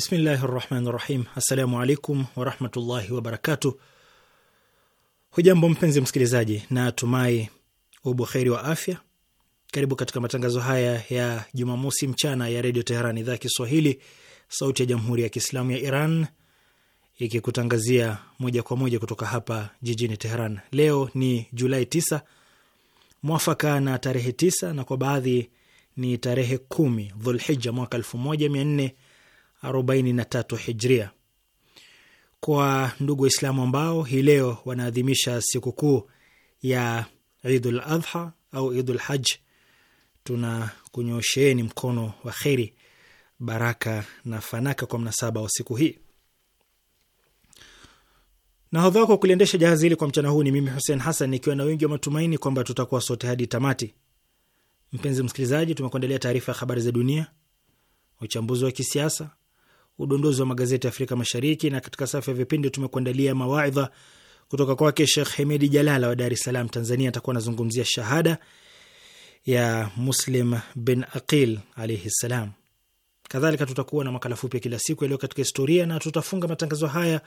Bismillahi rahmani rahim. Assalamu alaikum warahmatullahi wabarakatu Hujambo mpenzi msikilizaji, na tumai ubuheri wa afya. Karibu katika matangazo haya ya Jumamosi mchana ya Redio Teheran, idhaa ya Kiswahili, sauti ya Jamhuri ya Kiislamu ya Iran, ikikutangazia moja kwa moja kutoka hapa jijini Teheran. Leo ni Julai 9 mwafaka na tarehe 9 na kwa baadhi ni tarehe kumi Dhulhija mwaka elfu moja mia nne 43 Hijria. Kwa ndugu Waislamu ambao hii leo wanaadhimisha sikukuu ya Idul Adha au Idul Haj, tuna kunyosheeni mkono wa kheri, baraka na fanaka kwa mnasaba wa siku hii. Nahodha wako kuliendesha jahazi hili kwa mchana huu ni mimi Hussein Hassan, nikiwa na wengi wa matumaini kwamba tutakuwa sote hadi tamati. Mpenzi msikilizaji, tumekuandalia taarifa ya habari za dunia, uchambuzi wa kisiasa udondozi wa magazeti ya Afrika Mashariki, na katika safu ya vipindi tumekuandalia mawaidha kutoka kwake shekh Hemedi Jalala wa Dar es Salaam, Tanzania. Atakuwa anazungumzia shahada ya Muslim bin Aqil alaihi ssalam. Kadhalika tutakuwa na makala fupi ya kila siku yaliyo katika historia, na tutafunga matangazo haya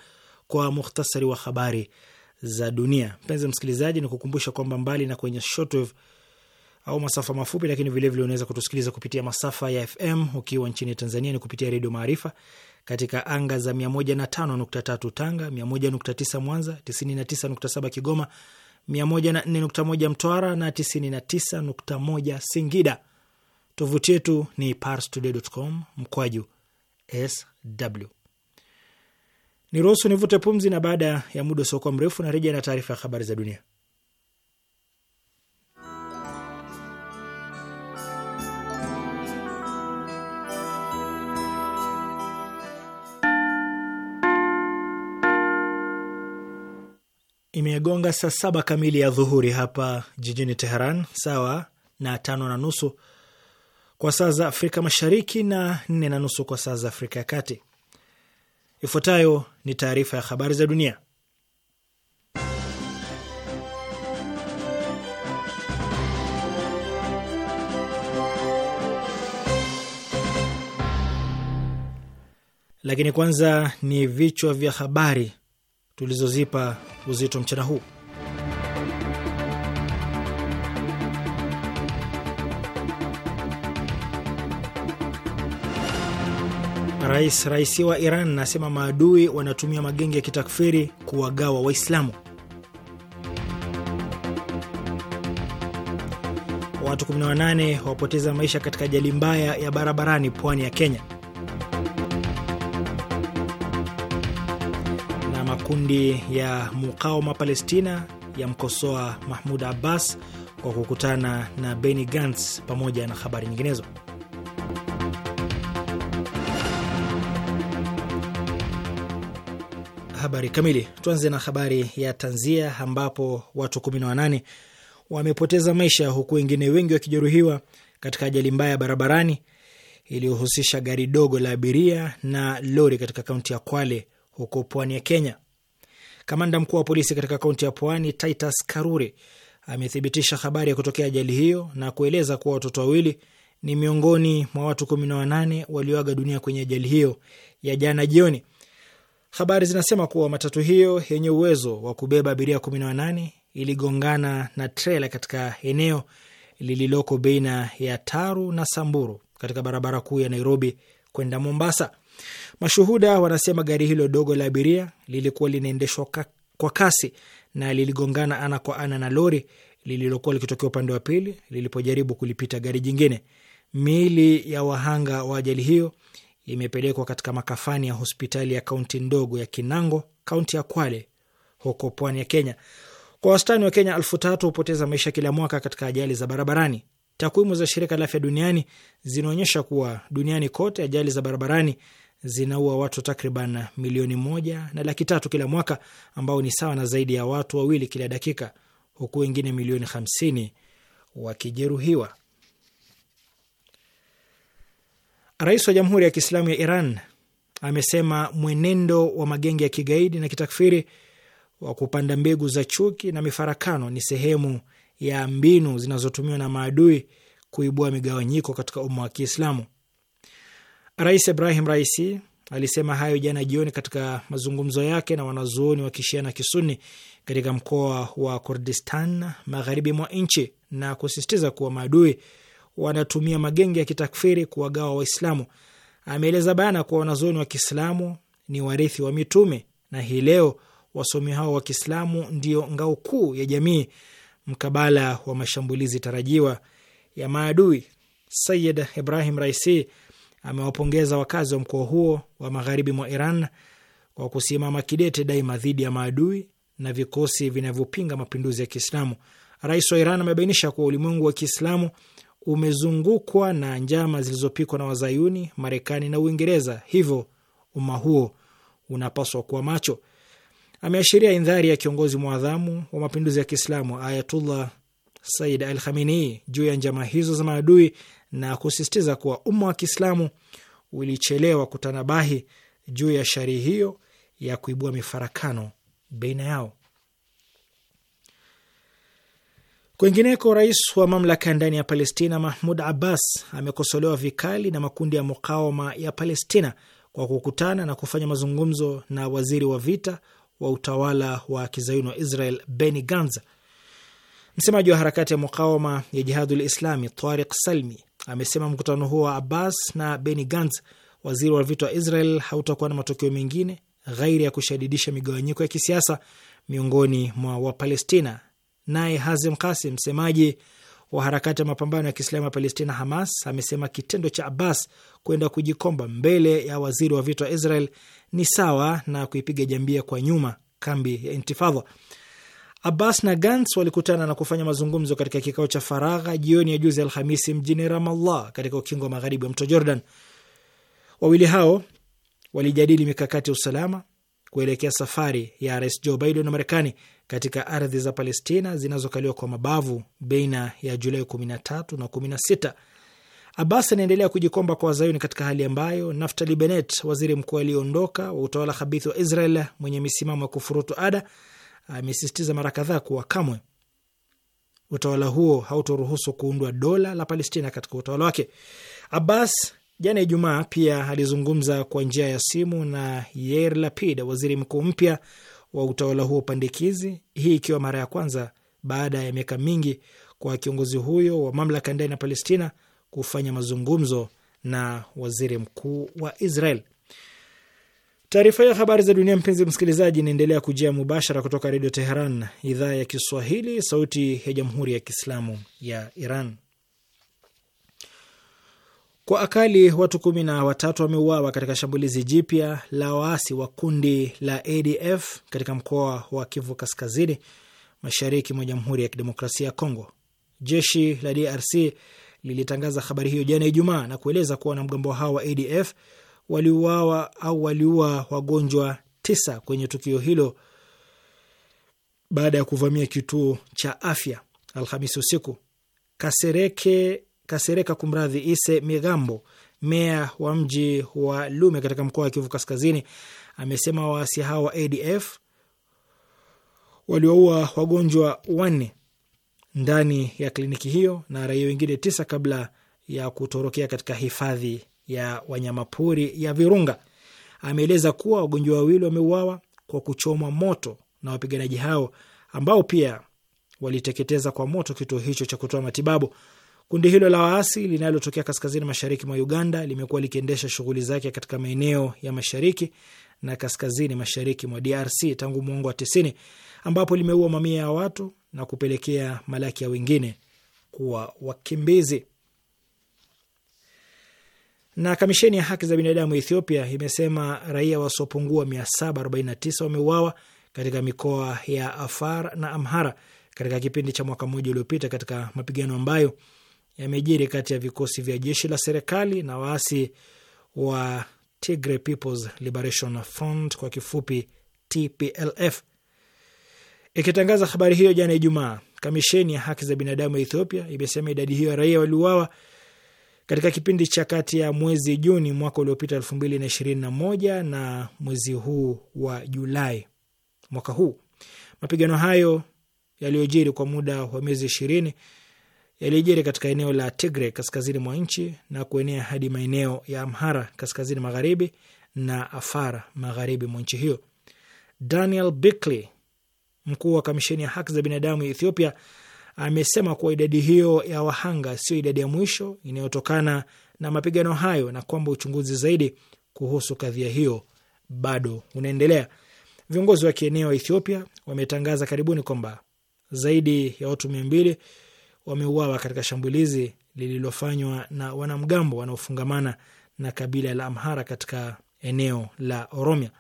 kwa muhtasari wa habari za dunia. Mpenzi msikilizaji, ni kukumbusha kwamba mbali na kwenye shortwave au masafa mafupi, lakini vilevile unaweza kutusikiliza kupitia masafa ya FM. Ukiwa nchini Tanzania ni kupitia Redio Maarifa katika anga za 105.3 Tanga, 101.9 Mwanza, 99.7 Kigoma, 104.1 Mtwara na 99.1 Singida. Tovuti yetu ni parstoday.com mkwaju sw. Niruhusu nivute pumzi, na baada ya muda usiokuwa mrefu narejea na taarifa ya habari za dunia. imegonga saa saba kamili ya dhuhuri hapa jijini Teheran, sawa na tano na nusu kwa saa za Afrika Mashariki na nne na nusu kwa saa za Afrika ya Kati. Ifuatayo ni taarifa ya habari za dunia, lakini kwanza ni vichwa vya habari tulizozipa uzito mchana huu. Rais raisi wa Iran nasema maadui wanatumia magenge ya kitakfiri kuwagawa Waislamu. Watu 18 wapoteza maisha katika ajali mbaya ya barabarani pwani ya Kenya. makundi ya mukawama Palestina yamkosoa Mahmud Abbas kwa kukutana na Benny Gantz pamoja na habari nyinginezo. Habari kamili. Tuanze na habari ya tanzia ambapo watu 18 wamepoteza maisha huku wengine wengi wakijeruhiwa katika ajali mbaya barabarani iliyohusisha gari dogo la abiria na lori katika kaunti ya Kwale huko pwani ya Kenya. Kamanda mkuu wa polisi katika kaunti ya Pwani, Titus Karure, amethibitisha habari ya kutokea ajali hiyo na kueleza kuwa watoto wawili ni miongoni mwa watu kumi na wanane walioaga dunia kwenye ajali hiyo ya jana jioni. Habari zinasema kuwa matatu hiyo yenye uwezo wa kubeba abiria kumi na wanane iligongana na trela katika eneo lililoko baina ya Taru na Samburu katika barabara kuu ya Nairobi kwenda Mombasa. Mashuhuda wanasema gari hilo dogo la abiria lilikuwa linaendeshwa kwa kasi na liligongana ana kwa ana na lori lililokuwa likitokea upande wa pili lilipojaribu kulipita gari jingine. Miili ya wahanga wa ajali hiyo imepelekwa katika makafani ya hospitali ya kaunti ndogo ya Kinango, kaunti ya Kwale, huko pwani ya Kenya. Kwa wastani wa Kenya elfu tatu hupoteza maisha kila mwaka katika ajali za barabarani. Takwimu za shirika la afya duniani zinaonyesha kuwa duniani kote ajali za barabarani zinaua watu takriban milioni moja na laki tatu kila mwaka ambao ni sawa na zaidi ya watu wawili kila dakika, huku wengine milioni hamsini wakijeruhiwa. Rais wa Jamhuri ya Kiislamu ya Iran amesema mwenendo wa magenge ya kigaidi na kitakfiri wa kupanda mbegu za chuki na mifarakano ni sehemu ya mbinu zinazotumiwa na maadui kuibua migawanyiko katika umma wa Kiislamu. Rais Ibrahim Raisi alisema hayo jana jioni katika mazungumzo yake na wanazuoni wa kishia na kisuni katika mkoa wa Kurdistan magharibi mwa nchi na kusisitiza kuwa maadui wanatumia magenge ya kitakfiri kuwagawa Waislamu. Ameeleza bayana kuwa wanazuoni wa Kiislamu ni warithi wa mitume na hii leo wasomi hao wa Kiislamu ndio ngao kuu ya jamii mkabala wa mashambulizi tarajiwa ya maadui. Sayid Ibrahim Raisi amewapongeza wakazi wa mkoa huo wa magharibi mwa Iran kwa kusimama kidete daima dhidi ya maadui na vikosi vinavyopinga mapinduzi ya Kiislamu. Rais wa Iran amebainisha kuwa ulimwengu wa Kiislamu umezungukwa na njama zilizopikwa na Wazayuni, Marekani na Uingereza, hivyo umma huo unapaswa kuwa macho. Ameashiria indhari ya kiongozi mwadhamu wa mapinduzi ya Kiislamu Ayatullah Sayyid Al Khamenei juu ya njama hizo za maadui na kusisitiza kuwa umma wa Kiislamu ulichelewa kutanabahi juu ya sharii hiyo ya kuibua mifarakano baina yao. Kwingineko, rais wa mamlaka ndani ya Palestina Mahmud Abbas amekosolewa vikali na makundi ya mukawama ya Palestina kwa kukutana na kufanya mazungumzo na waziri wa vita wa utawala wa kizayuni wa Israel Benny Gantz. Msemaji wa harakati ya mukawama ya Jihadul Islami Tariq Salmi amesema mkutano huo wa Abbas na beni Gantz, waziri wa vita wa Israel, hautakuwa na matokeo mengine ghairi ya kushadidisha migawanyiko ya kisiasa miongoni mwa Wapalestina. Naye Hazem Kasim, msemaji wa harakati ya mapambano ya Kiislamu ya Palestina, Hamas, amesema kitendo cha Abbas kwenda kujikomba mbele ya waziri wa vita wa Israel ni sawa na kuipiga jambia kwa nyuma kambi ya Intifadha. Abbas na Gantz walikutana na kufanya mazungumzo katika kikao cha faragha jioni ya juzi Alhamisi mjini Ramallah katika ukingo wa magharibi wa mto Jordan. Wawili hao walijadili mikakati ya usalama kuelekea safari ya Rais Joe Biden wa Marekani katika ardhi za Palestina zinazokaliwa kwa mabavu baina ya Julai 13 na 16. Abbas anaendelea kujikomba kwa wazayuni katika hali ambayo Naftali Bennett, waziri mkuu aliyeondoka wa utawala habithi wa Israel mwenye misimamo ya kufurutu ada, amesisitiza mara kadhaa kuwa kamwe utawala huo hautoruhusu kuundwa dola la Palestina katika utawala wake. Abbas jana Ijumaa pia alizungumza kwa njia ya simu na Yair Lapid, waziri mkuu mpya wa utawala huo pandikizi, hii ikiwa mara ya kwanza baada ya miaka mingi kwa kiongozi huyo wa mamlaka ndani ya Palestina kufanya mazungumzo na waziri mkuu wa Israel. Taarifa ya habari za dunia, mpenzi msikilizaji, inaendelea kujia mubashara kutoka Redio Teheran, idhaa ya Kiswahili, sauti ya Jamhuri ya Kiislamu ya Iran. Kwa akali watu kumi na watatu wameuawa katika shambulizi jipya la waasi wa kundi la ADF katika mkoa wa Kivu Kaskazini, mashariki mwa Jamhuri ya Kidemokrasia ya Kongo. Jeshi la DRC lilitangaza habari hiyo jana Ijumaa na kueleza kuwa wanamgambo hao wa ADF waliuawa au waliua wagonjwa tisa kwenye tukio hilo baada ya kuvamia kituo cha afya Alhamisi usiku. Kasereke, Kasereka kumradhi, Ise Migambo, meya wa mji wa Lume katika mkoa wa Kivu Kaskazini, amesema waasi hao wa ADF waliwaua wagonjwa wanne ndani ya kliniki hiyo na raia wengine tisa kabla ya kutorokea katika hifadhi ya wanyamapori ya Virunga. Ameeleza kuwa wagonjwa wawili wameuawa kwa kuchomwa moto na wapiganaji hao ambao pia waliteketeza kwa moto kituo hicho cha kutoa matibabu. Kundi hilo la waasi linalotokea kaskazini mashariki mwa Uganda limekuwa likiendesha shughuli zake katika maeneo ya mashariki na kaskazini mashariki mwa DRC tangu mwongo wa tisini, ambapo limeua mamia ya watu na kupelekea malaki ya wengine kuwa wakimbizi. Na kamisheni ya haki za binadamu Ethiopia imesema raia wasiopungua 749 wameuawa katika mikoa ya Afar na Amhara katika kipindi cha mwaka mmoja uliopita katika mapigano ambayo yamejiri kati ya vikosi vya jeshi la serikali na waasi wa Tigray People's Liberation Front kwa kifupi TPLF. Ikitangaza habari hiyo jana Ijumaa, kamisheni ya haki za binadamu ya Ethiopia imesema idadi hiyo ya raia waliuawa katika kipindi cha kati ya mwezi Juni mwaka uliopita elfu mbili na ishirini na moja na mwezi huu wa Julai mwaka huu. Mapigano hayo yaliyojiri kwa muda wa miezi ishirini yalijiri katika eneo la Tigre kaskazini mwa nchi na kuenea hadi maeneo ya Amhara kaskazini magharibi na Afara magharibi mwa nchi hiyo. Daniel Bickley, mkuu wa kamisheni ya haki za binadamu ya Ethiopia, amesema kuwa idadi hiyo ya wahanga sio idadi ya mwisho inayotokana na mapigano hayo na kwamba uchunguzi zaidi kuhusu kadhia hiyo bado unaendelea. Viongozi wa kieneo wa Ethiopia wametangaza karibuni kwamba zaidi ya watu mia mbili wameuawa katika shambulizi lililofanywa na wanamgambo wanaofungamana na kabila la Amhara katika eneo la Oromia.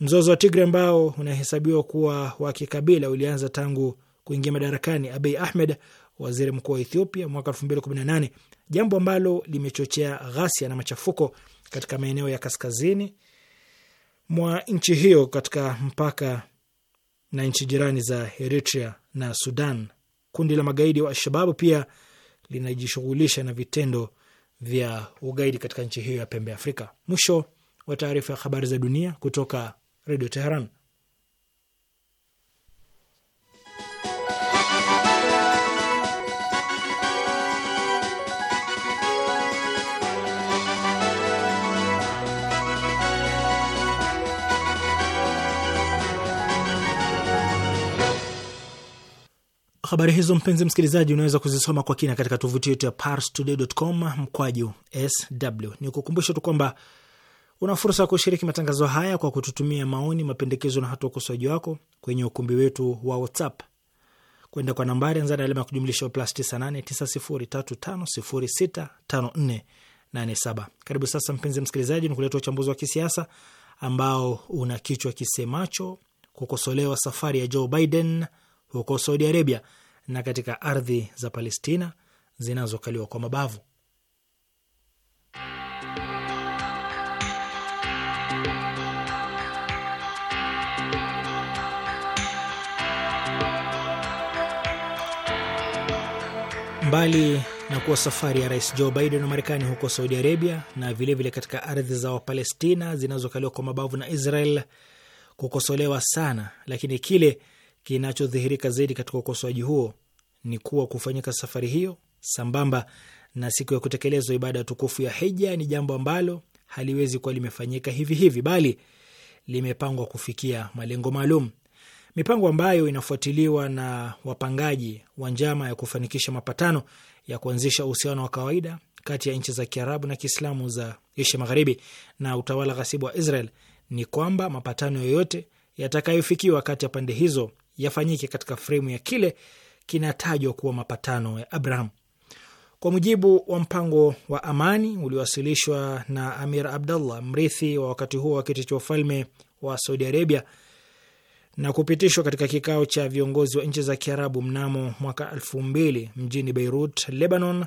Mzozo wa Tigre ambao unahesabiwa kuwa wa kikabila ulianza tangu kuingia madarakani Abiy Ahmed, waziri mkuu wa Ethiopia mwaka 2018, jambo ambalo limechochea ghasia na machafuko katika maeneo ya kaskazini mwa nchi hiyo katika mpaka na nchi jirani za Eritrea na Sudan. Kundi la magaidi wa Alshababu pia linajishughulisha na vitendo vya ugaidi katika nchi hiyo ya pembe Afrika. Mwisho wa taarifa ya habari za dunia kutoka Redio Teheran. Habari hizo mpenzi msikilizaji, unaweza kuzisoma kwa kina katika tovuti yetu ya parstoday.com mkwaju sw. Ni kukumbusha tu kwamba una fursa ya kushiriki matangazo haya kwa kututumia maoni, mapendekezo na hata ukosoaji wako kwenye ukumbi wetu wa WhatsApp kwenda kwa nambari anza na alama ya kujumlisha plus 989035065487. Karibu sasa, mpenzi msikilizaji, ni kuleta uchambuzi wa kisiasa ambao una kichwa kisemacho kukosolewa safari ya Joe Biden huko Saudi Arabia na katika ardhi za Palestina zinazokaliwa kwa mabavu. Mbali na kuwa safari ya rais Joe Biden wa Marekani huko Saudi Arabia na vilevile vile katika ardhi za Wapalestina zinazokaliwa kwa mabavu na Israel kukosolewa sana, lakini kile Kinachodhihirika zaidi katika ukosoaji huo ni kuwa kufanyika safari hiyo sambamba na siku ya kutekelezwa ibada tukufu ya hija ni jambo ambalo haliwezi kuwa limefanyika hivi hivi, bali limepangwa kufikia malengo maalum, mipango ambayo inafuatiliwa na wapangaji wa njama ya kufanikisha mapatano ya kuanzisha uhusiano wa kawaida kati ya nchi za Kiarabu na Kiislamu za Asia Magharibi na utawala ghasibu wa Israel ni kwamba mapatano yoyote yatakayofikiwa kati ya pande hizo yafanyike katika fremu ya kile kinatajwa kuwa mapatano ya Abraham. Kwa mujibu wa mpango wa amani uliowasilishwa na Amir Abdallah, mrithi wa wakati huo wa kiti cha ufalme wa Saudi Arabia, na kupitishwa katika kikao cha viongozi wa nchi za Kiarabu mnamo mwaka elfu mbili mjini Beirut, Lebanon,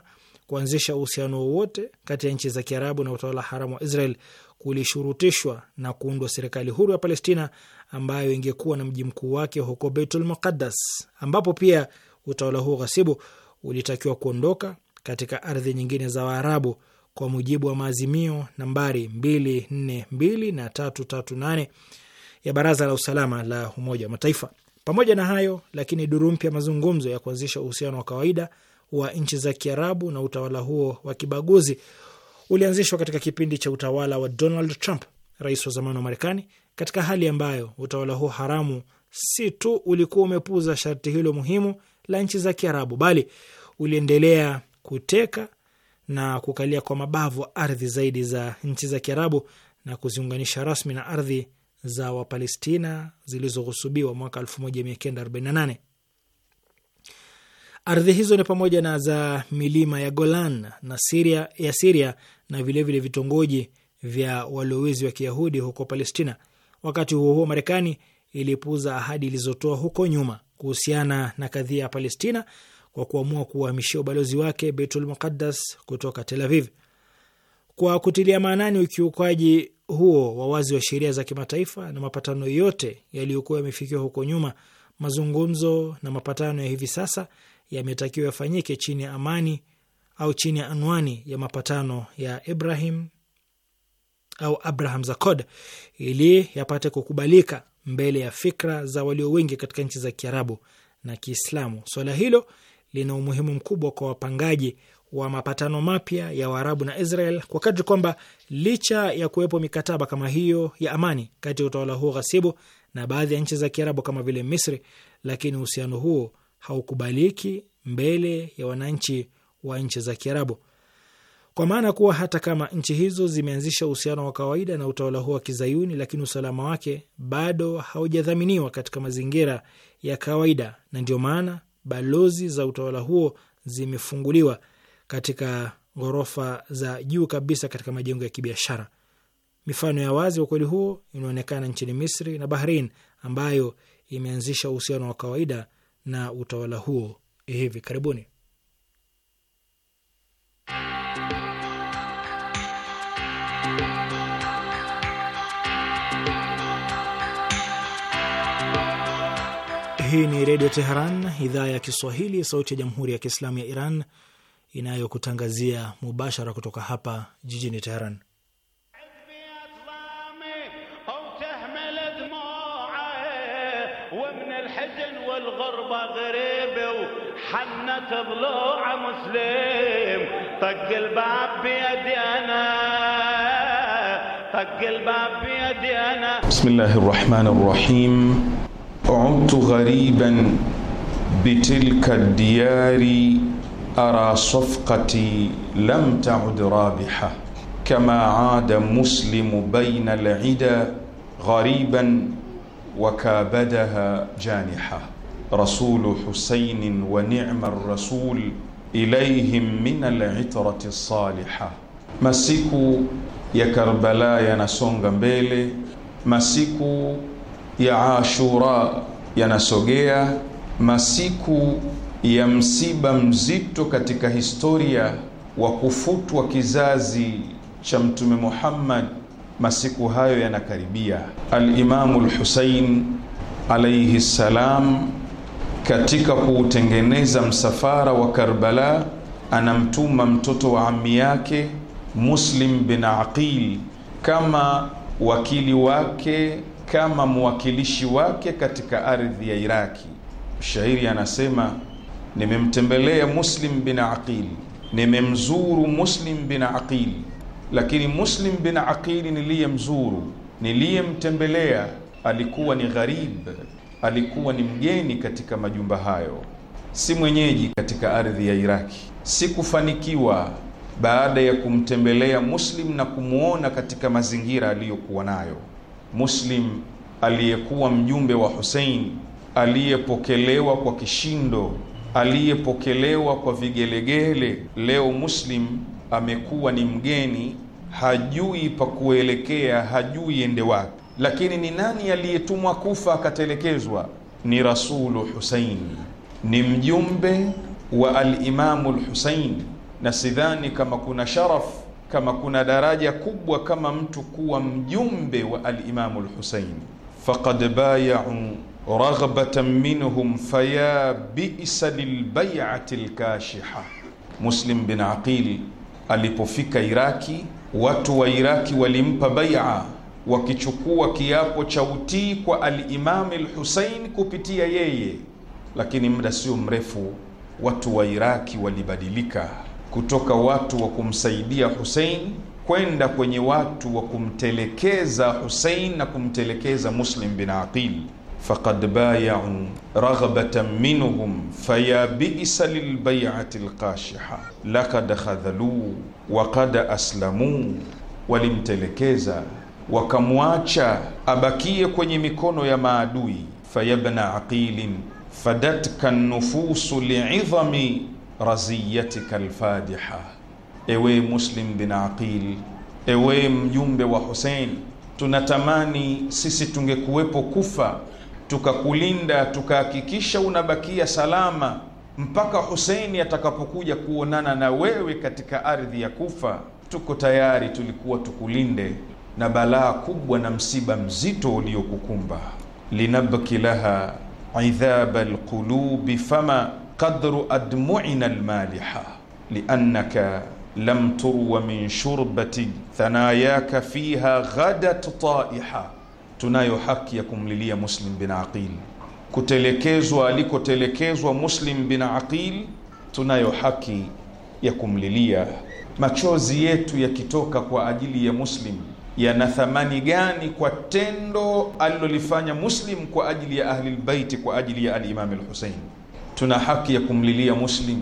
kuanzisha uhusiano wowote kati ya nchi za Kiarabu na utawala haramu wa Israel kulishurutishwa na kuundwa serikali huru ya Palestina ambayo ingekuwa na mji mkuu wake huko Beitul Muqaddas, ambapo pia utawala huo ghasibu ulitakiwa kuondoka katika ardhi nyingine za Waarabu kwa mujibu wa maazimio nambari 242 na 338 ya Baraza la Usalama la Umoja wa Mataifa. Pamoja na hayo lakini, duru mpya mazungumzo ya kuanzisha uhusiano wa kawaida wa nchi za Kiarabu na utawala huo wa kibaguzi ulianzishwa katika kipindi cha utawala wa Donald Trump, rais wa zamani wa Marekani, katika hali ambayo utawala huo haramu si tu ulikuwa umepuuza sharti hilo muhimu la nchi za Kiarabu, bali uliendelea kuteka na kukalia kwa mabavu ardhi zaidi za nchi za Kiarabu na kuziunganisha rasmi na ardhi za Wapalestina zilizoghusubiwa mwaka 1948. Ardhi hizo ni pamoja na za milima ya Golan na Siria, ya Siria na vilevile vitongoji vya walowezi wa Kiyahudi huko Palestina. Wakati huo huo, Marekani ilipuuza ahadi ilizotoa huko nyuma kuhusiana na kadhia ya Palestina kwa kuamua kuuhamishia ubalozi wake Beitul Muqaddas kutoka Tel Aviv. Kwa kutilia maanani ukiukaji huo wa wazi wa sheria za kimataifa na mapatano yote yaliyokuwa yamefikiwa huko nyuma, mazungumzo na mapatano ya hivi sasa yametakiwa yafanyike chini ya amani au chini ya anwani ya mapatano ya Ibrahim au Abraham Zakod ili yapate kukubalika mbele ya fikra za walio wengi katika nchi za Kiarabu na Kiislamu. Swala hilo lina umuhimu mkubwa kwa wapangaji wa mapatano mapya ya Waarabu na Israel kwa kadri kwamba licha ya kuwepo mikataba kama hiyo ya amani kati ya utawala huo ghasibu na baadhi ya nchi za Kiarabu kama vile Misri, lakini uhusiano huo haukubaliki mbele ya wananchi wa nchi za Kiarabu kwa maana kuwa hata kama nchi hizo zimeanzisha uhusiano wa kawaida na utawala huo wa Kizayuni, lakini usalama wake bado haujadhaminiwa katika mazingira ya kawaida, na ndio maana balozi za utawala huo zimefunguliwa katika ghorofa za juu kabisa katika majengo ya kibiashara. Mifano ya wazi wa ukweli huo inaonekana nchini Misri na Bahrain ambayo imeanzisha uhusiano wa kawaida na utawala huo hivi karibuni. Hii ni Redio Teheran, idhaa ya Kiswahili, sauti ya Jamhuri ya Kiislamu ya Iran, inayokutangazia mubashara kutoka hapa jijini Teheran. rahim عدت غريبا بتلك الديار أرى صفقتي لم تعد رابحة كما عاد مسلم بين العدا غريبا وكابدها جانحة رسول حسين ونعم الرسول إليهم من العطرة الصالحة مسكوا يا كربلاء يا ناسون mbele, مسكوا ya Ashura yanasogea, masiku ya msiba mzito katika historia wa kufutwa kizazi cha Mtume Muhammad. Masiku hayo yanakaribia. Alimamu Lhusein alaihi ssalam, katika kuutengeneza msafara wa Karbala, anamtuma mtoto wa ammi yake Muslim bin Aqil kama wakili wake kama mwakilishi wake katika ardhi ya Iraki. Mshairi anasema nimemtembelea Muslim bin Aqili, nimemzuru Muslim bin Aqili, lakini Muslim bin Aqili niliyemzuru, niliyemtembelea, alikuwa ni gharib, alikuwa ni mgeni katika majumba hayo, si mwenyeji katika ardhi ya Iraki. Sikufanikiwa baada ya kumtembelea Muslim na kumwona katika mazingira aliyokuwa nayo Muslim aliyekuwa mjumbe wa Hussein aliyepokelewa kwa kishindo, aliyepokelewa kwa vigelegele. Leo Muslim amekuwa ni mgeni, hajui pa kuelekea, hajui ende wapi. Lakini ni nani aliyetumwa Kufa akatelekezwa? Ni Rasulu Husein, ni mjumbe wa Alimamu Lhusein, na sidhani kama kuna sharafu kama kuna daraja kubwa kama mtu kuwa mjumbe wa alimamu lhusein faqad bayau raghbatan minhum faya bisa lilbayati lkashiha. Muslim bin Aqil alipofika Iraki, watu wa Iraki walimpa baia wakichukua kiapo cha utii kwa alimamu lhusain kupitia yeye, lakini muda sio mrefu watu wa Iraki walibadilika kutoka watu wa kumsaidia Hussein kwenda kwenye watu wa kumtelekeza Hussein na kumtelekeza Muslim bin Aqil. Faqad bayau raghbatan minhum faya bisa lilbayati lqashiha lakad khadhaluu qad aslamuu, walimtelekeza wakamwacha abakie kwenye mikono ya maadui. Fayabna aqilin fadatka nufusu liidhami raziyatika alfadiha, ewe Muslim bin Aqil, ewe mjumbe wa Hussein, tunatamani sisi tungekuwepo Kufa tukakulinda tukahakikisha unabakia salama mpaka Huseini atakapokuja kuonana na wewe katika ardhi ya Kufa. Tuko tayari, tulikuwa tukulinde na balaa kubwa na msiba mzito uliokukumba. linabki laha idhaba lqulubi fama qadru admu'ina almaliha liannaka lam turwa min shurbati thanayaka fiha ghadat taiha, tunayo haki ya kumlilia Muslim bin Aqil kutelekezwa alikotelekezwa Muslim bin Aqil, tunayo haki ya kumlilia. Machozi yetu yakitoka kwa ajili ya Muslim yana thamani gani kwa tendo alilolifanya Muslim kwa ajili ya Ahlilbaiti, kwa ajili ya Alimami Lhusein? tuna haki ya kumlilia Muslim,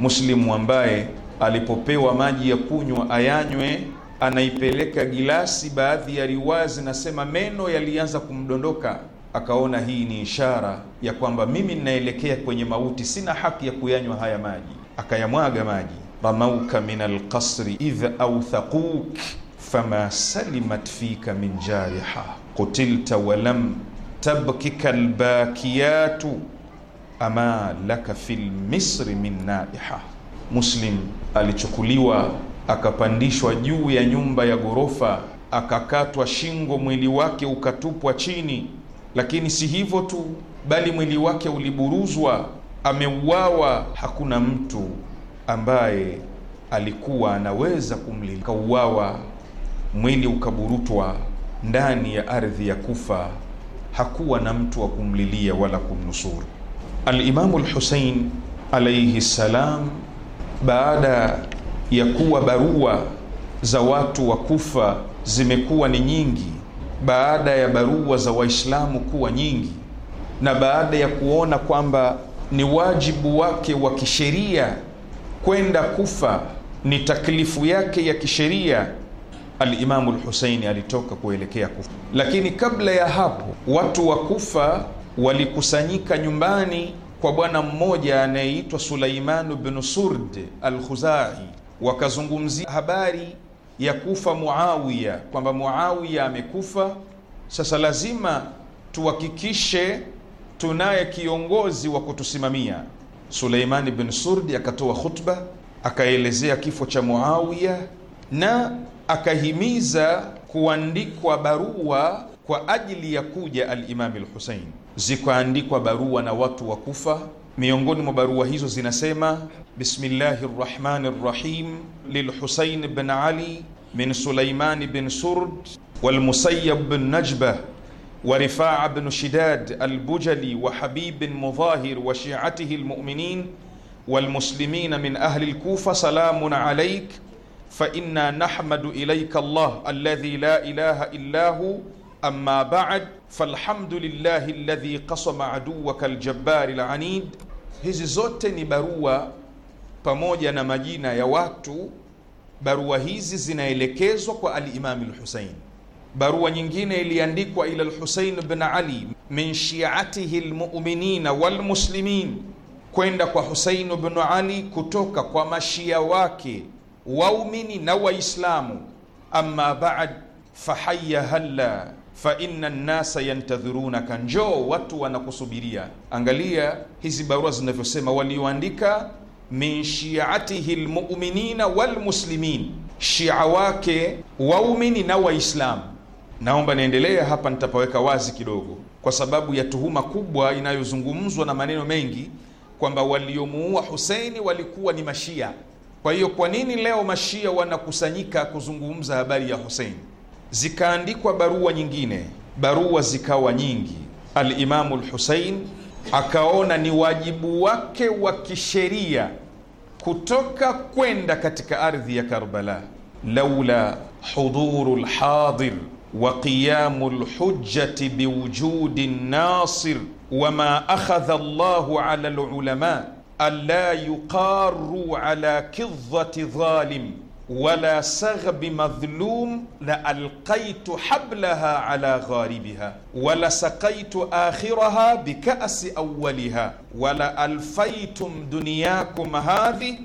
Muslimu ambaye alipopewa maji ya kunywa ayanywe, anaipeleka gilasi. Baadhi ya riwaya zinasema meno yalianza kumdondoka, akaona hii ni ishara ya kwamba mimi ninaelekea kwenye mauti, sina haki ya kuyanywa haya maji, akayamwaga maji. ramauka min alqasri idh authaquk fama salimat fika min jariha qutilta walam tabkika albakiyatu ama laka fil misri min naiha. Muslim alichukuliwa akapandishwa juu ya nyumba ya ghorofa, akakatwa shingo, mwili wake ukatupwa chini. Lakini si hivyo tu, bali mwili wake uliburuzwa, ameuawa. Hakuna mtu ambaye alikuwa anaweza kumlilia. Kauawa, mwili ukaburutwa ndani ya ardhi ya Kufa. Hakuwa na mtu wa kumlilia wala kumnusuru. Alimamu Lhusein alaihi ssalam, baada ya kuwa barua za watu wa Kufa zimekuwa ni nyingi, baada ya barua za Waislamu kuwa nyingi, na baada ya kuona kwamba ni wajibu wake wa kisheria kwenda Kufa, ni taklifu yake ya kisheria Alimamu Lhuseini alitoka kuelekea Kufa, lakini kabla ya hapo watu wa Kufa walikusanyika nyumbani kwa bwana mmoja anayeitwa Sulaimanu bnu Surd Alkhuzai, wakazungumzia habari ya kufa Muawiya, kwamba Muawiya amekufa. Sasa lazima tuhakikishe tunaye kiongozi wa kutusimamia. Suleiman bin Surdi akatoa khutba, akaelezea kifo cha Muawiya na akahimiza kuandikwa barua kwa ajili ya kuja Alimami Lhusein zikaandikwa barua na watu wa Kufa. Miongoni mwa barua hizo zinasema: bismillahi rrahmani rrahim lilhusain bn ali min sulaiman bn surd walmusayab bn najba wa rifaa bn shidad albujali wa habib bn mudhahir wa shiatihi lmuminin walmuslimina min ahli lkufa salamun alaik fainna nahmadu ilaika llah alladhi la ilaha illa hu amma bad falhamdulillahi alladhi qasama aduwaka aljabbari lanid Hizi zote ni barua pamoja na majina ya watu. Barua hizi zinaelekezwa kwa Alimami Lhusein. Barua nyingine iliandikwa ila Lhusein bn Ali min shiatihi lmuminina walmuslimin, kwenda kwa Husein bin Ali kutoka kwa mashia wake waumini na Waislamu. Amma baad fahaya halla fa inna nnasa yantadhirunaka, njoo watu wanakusubiria. Angalia hizi barua zinavyosema, walioandika min shiatihi lmuminina walmuslimin, shia wake waumini na Waislamu. Naomba niendelee hapa, nitapaweka wazi kidogo, kwa sababu ya tuhuma kubwa inayozungumzwa na maneno mengi kwamba waliomuua Huseini walikuwa ni Mashia. Kwa hiyo kwa nini leo Mashia wanakusanyika kuzungumza habari ya Huseini? zikaandikwa barua nyingine, barua zikawa nyingi. Alimamu Lhusein akaona ni wajibu wake wa kisheria kutoka kwenda katika ardhi ya Karbala. laula huduru lhadir wa qiyamu lhujjati biwujudi nasir wama akhadha llahu ala lulama an la yuqaru ala kidhati dhalim wala saghbi madhlum la alqaitu hablaha ala gharibiha wala sakaitu akhiraha bikasi awaliha wala alfaitum duniyakum hadhi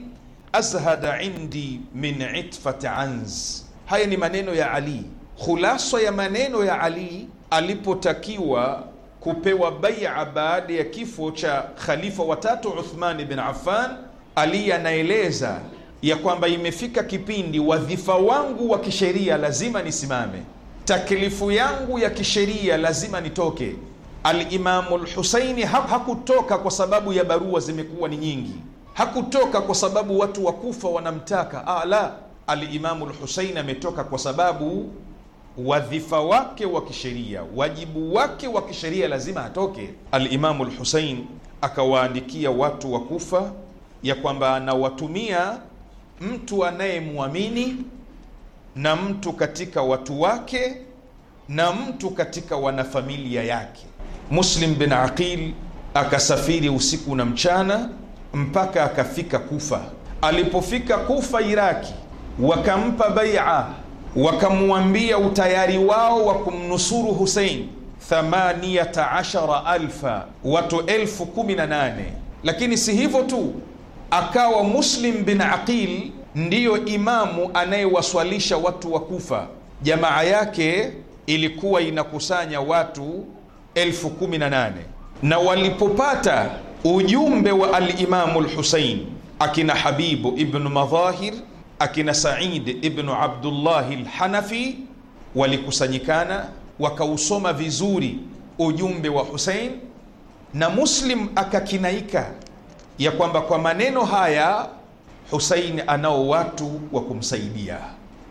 azhada indi min itfati anz. Haya ni maneno ya Ali, khulasa ya maneno ya Ali alipotakiwa kupewa baia baada ya kifo cha khalifa watatu Uthmani bin Affan. Ali anaeleza ya kwamba imefika kipindi wadhifa wangu wa kisheria lazima nisimame, taklifu yangu ya kisheria lazima nitoke. Alimamu Lhusaini hakutoka kwa sababu ya barua zimekuwa ni nyingi, hakutoka kwa sababu watu wa kufa wanamtaka. Ah, la, Alimamu Lhusaini ametoka kwa sababu wadhifa wake wa kisheria, wajibu wake wa kisheria lazima atoke. Alimamu Lhusain akawaandikia watu wa kufa ya kwamba anawatumia mtu anayemwamini na mtu katika watu wake na mtu katika wanafamilia yake. Muslim bin Aqil akasafiri usiku na mchana mpaka akafika Kufa. Alipofika Kufa Iraki, wakampa baia, wakamwambia utayari wao wa kumnusuru Husein 8 ashara alfa, watu elfu kumi na nane. Lakini si hivyo tu akawa Muslim bin Aqil ndiyo imamu anayewaswalisha watu wa Kufa. Jamaa yake ilikuwa inakusanya watu elfu kumi na nane na walipopata ujumbe wa alimamu Lhusein, akina Habibu ibnu Madhahir, akina Said ibnu Abdullahi Lhanafi walikusanyikana wakausoma vizuri ujumbe wa Husein na Muslim akakinaika ya kwamba kwa maneno haya Husaini anao watu wa kumsaidia.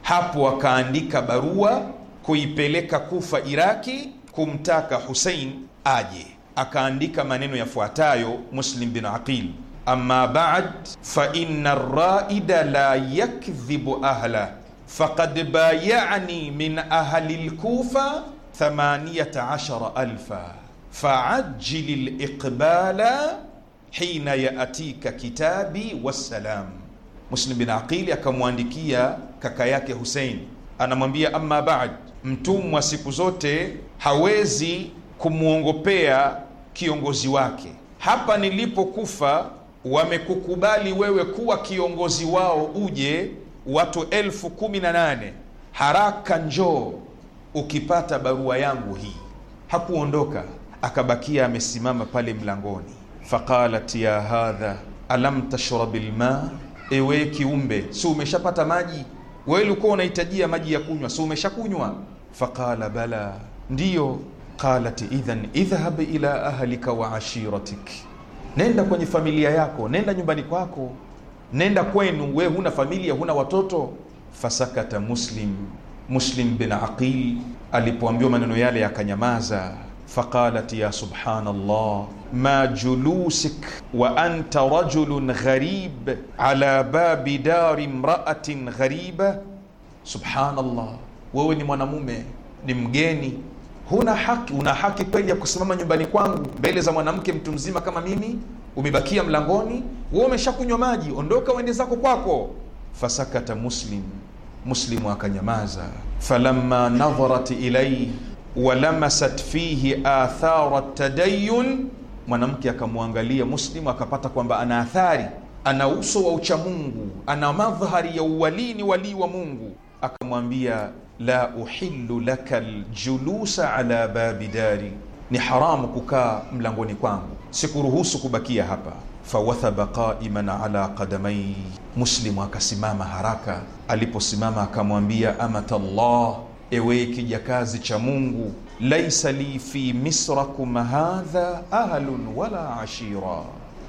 Hapo akaandika barua kuipeleka Kufa, Iraki, kumtaka husein aje. Akaandika maneno yafuatayo, Muslim bin Aqil: amma ba'd fa inna ar-ra'ida la yakdhibu ahla faqad bay'ani min ahli al-Kufa 18000 fa'ajjil al-iqbala hina yaatika kitabi wassalam. Muslim bin Aqili akamwandikia kaka yake husein anamwambia amma baad, mtumwa siku zote hawezi kumwongopea kiongozi wake. Hapa nilipokufa wamekukubali wewe kuwa kiongozi wao, uje watu elfu kumi na nane haraka njoo ukipata barua yangu hii. Hakuondoka, akabakia amesimama pale mlangoni faqalat ya hadha alam tashrab alma, ewe kiumbe, si umeshapata maji? Wewe ulikuwa unahitajia maji ya kunywa, si umeshakunywa? Faqala bala, ndiyo. Qalat idhan idhhab ila ahlika wa ashiratik, nenda kwenye familia yako, nenda nyumbani kwako, nenda kwenu. We huna familia, huna watoto. Fasakata Muslim, Muslim bin Aqil alipoambiwa maneno yale akanyamaza. Faqalat ya subhanallah ma julusik wa anta rajulun gharib ala babi dari mraatin ghariba. Subhanallah, wewe ni mwanamume ni mgeni huna haki una haki kweli ya kusimama nyumbani kwangu mbele za mwanamke mtu mzima kama mimi umebakia mlangoni wewe umeshakunywa maji ondoka uende zako kwako fasakata muslim muslimu akanyamaza falamma nadharat ilayhi walamasat fihi athara tadayun mwanamke akamwangalia Muslimu akapata kwamba ana athari, ana uso wa uchamungu, ana madhhari ya uwalini walii wa Mungu. Akamwambia, la uhillu laka ljulusa ala babi dari, ni haramu kukaa mlangoni kwangu, sikuruhusu kubakia hapa. Fawathaba qaiman ala qadamai, Muslimu akasimama haraka. Aliposimama akamwambia, amata llah, ewe kijakazi cha Mungu laisa li fi misrakum hadha ahlun wala ashira,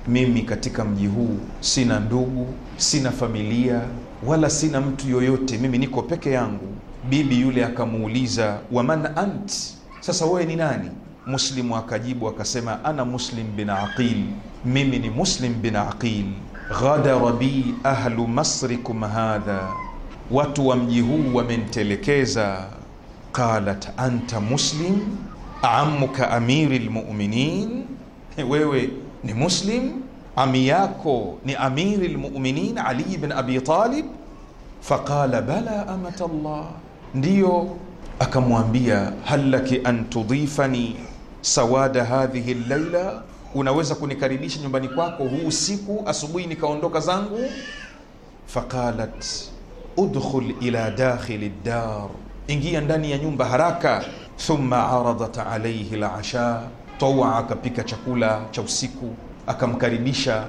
mimi katika mji huu sina ndugu, sina familia wala sina mtu yoyote, mimi niko peke yangu. Bibi yule akamuuliza waman ant, sasa wewe ni nani? Muslimu akajibu akasema, ana Muslim bin Aqil, mimi ni Muslim bin Aqil. Ghadara bi ahlu masrikum hadha, watu wa mji huu wamentelekeza qalat anta muslim amuka amiri lmuminin, wewe ni muslim, ami yako ni amiri lmuminin Ali ibn Abi Talib. Faqala bala amat Allah, ndiyo akamwambia hal laki an tudifani sawada hadhihi llaila, unaweza kunikaribisha nyumbani kwako huu usiku, asubuhi nikaondoka zangu. Faqalat udkhul ila dakhili ddar ingia ndani ya nyumba haraka. Thumma aradat alaihi lasha tawa, akapika chakula cha usiku akamkaribisha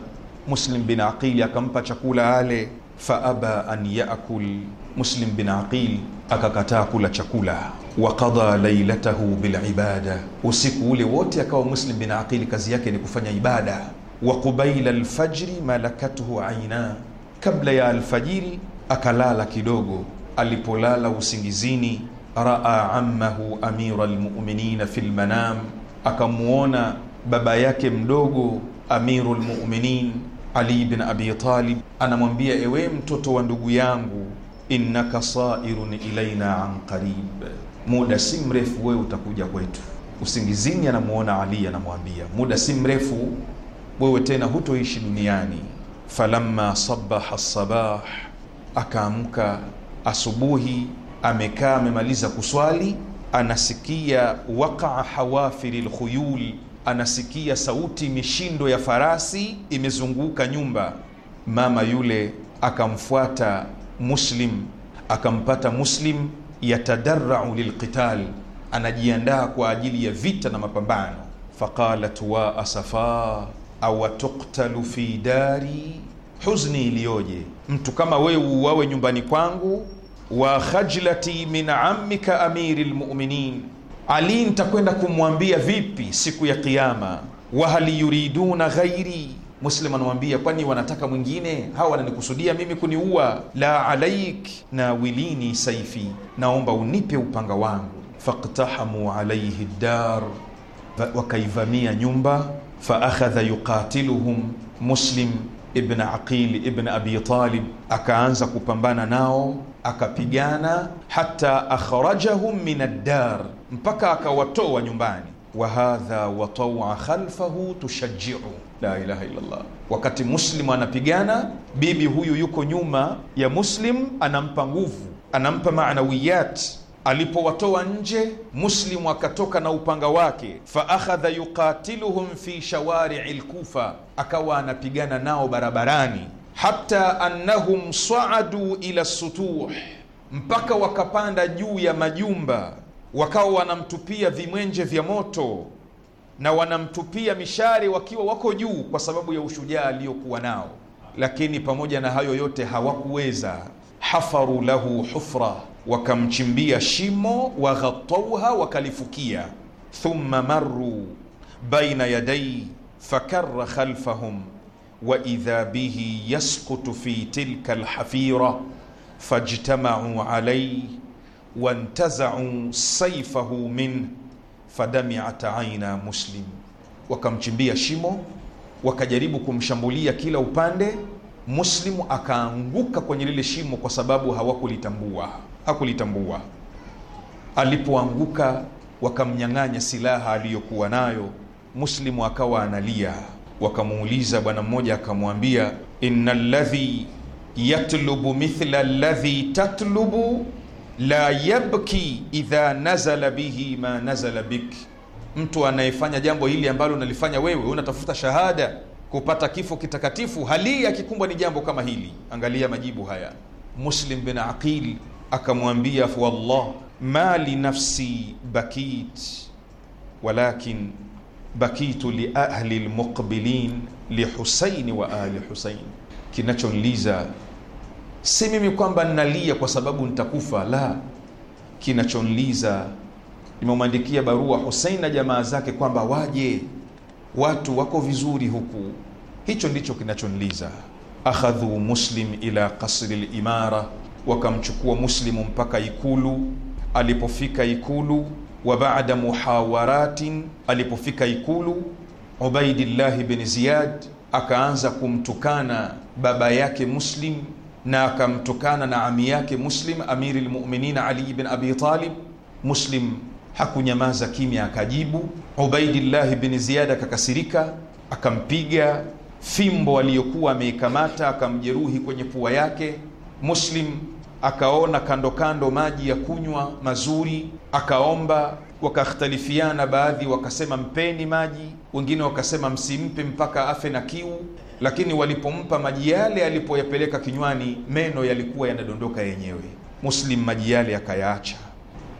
Muslim bin Aqil akampa chakula ale. Faaba an yakul, Muslim bin Aqil akakataa kula chakula. Waqada lailatahu bilibada, usiku ule wote akawa Muslim bin Aqil kazi yake ni kufanya ibada. Wa qubaila alfajri malakathu aina, kabla ya alfajiri akalala kidogo alipolala usingizini, raa ammahu amira lmuminina fi lmanam, akamwona baba yake mdogo amiru lmuminin Ali bin Abi Talib anamwambia, ewe mtoto wa ndugu yangu, innaka sairun ilaina an qarib, muda si mrefu wewe utakuja kwetu. Usingizini anamuona Ali, anamwambia muda si mrefu wewe tena hutoishi duniani. Falamma sabaha sabah, akaamka asubuhi amekaa amemaliza kuswali, anasikia waqaa hawafiri lkhuyul, anasikia sauti mishindo ya farasi imezunguka nyumba. Mama yule akamfuata Muslim, akampata Muslim yatadarau lilqital, anajiandaa kwa ajili ya vita na mapambano. Faqalat wa asafa awatuktalu fi dari, huzni iliyoje mtu kama wewe uwawe nyumbani kwangu, wa khajlati min ammika amiri lmuminin, Ali nitakwenda kumwambia vipi siku ya Kiyama. Wa hal yuriduna ghairi Muslim anamwambia kwani wanataka mwingine? Hawa wananikusudia mimi kuniua. La alaik na wilini saifi, naomba unipe upanga wangu. faqtahamu alaihi ddar wakaivamia nyumba. Fa akhadha yuqatiluhum Muslim ibn Aqil ibn Abi Talib akaanza kupambana nao, akapigana hata akhrajahum min ad-dar, mpaka akawatoa nyumbani. Wa hadha watawa khalfahu tushajiu la ilaha illallah. Wakati Muslimu anapigana, bibi huyu yuko nyuma ya Muslim, anampa nguvu, anampa maanawiyati alipowatoa nje, Muslimu akatoka na upanga wake, fa akhadha yuqatiluhum fi shawarii lkufa, akawa anapigana nao barabarani, hatta annahum saadu ila sutuh, mpaka wakapanda juu ya majumba, wakawa wanamtupia vimwenje vya moto na wanamtupia mishare wakiwa wako juu, kwa sababu ya ushujaa aliyokuwa nao. Lakini pamoja na hayo yote hawakuweza, hafaru lahu hufra wakamchimbia shimo, waghatauha, wakalifukia. Thumma marru baina yadai fakarra khalfahum wa idha bihi yasqutu fi tilka alhafira fajtamau alayh wantazau saifahu min fadamiat aina muslim, wakamchimbia shimo wakajaribu kumshambulia kila upande. Muslimu akaanguka kwenye lile shimo kwa sababu hawakulitambua hakulitambua. Alipoanguka wakamnyang'anya silaha aliyokuwa nayo, Muslimu akawa analia. Wakamuuliza bwana mmoja, akamwambia inna ladhi yatlubu mithla ladhi tatlubu la yabki idha nazala bihi ma nazala bik, mtu anayefanya jambo hili ambalo unalifanya wewe, unatafuta shahada kupata kifo kitakatifu, hali akikumbwa ni jambo kama hili. Angalia majibu haya Muslim bin Aqil akamwambia fawallah ma li nafsi bakit walakin bakitu li ahli lmuqbilin li Husaini wa ahli Husain, kinachonliza si mimi kwamba nalia kwa sababu nitakufa, la, kinachonliza nimemwandikia barua Husain na jamaa zake kwamba waje, watu wako vizuri huku. Hicho ndicho kinachonliza. akhadhu muslim ila qasri limara wakamchukua Muslimu mpaka Ikulu. Alipofika Ikulu, wa baada muhawaratin, alipofika Ikulu, Ubaidillahi bin Ziyad akaanza kumtukana baba yake Muslim na akamtukana na ami yake Muslim, amiri lmuminin Ali bin Abi Talib. Muslim hakunyamaza kimya, akajibu. Ubaidillahi bin Ziyad akakasirika, akampiga fimbo aliyokuwa ameikamata, akamjeruhi kwenye pua yake Muslim akaona kando kando maji ya kunywa mazuri, akaomba. Wakakhtalifiana, baadhi wakasema mpeni maji, wengine wakasema msimpe mpaka afe na kiu. Lakini walipompa maji yale, alipoyapeleka kinywani, meno yalikuwa yanadondoka yenyewe. Muslim maji yale akayaacha.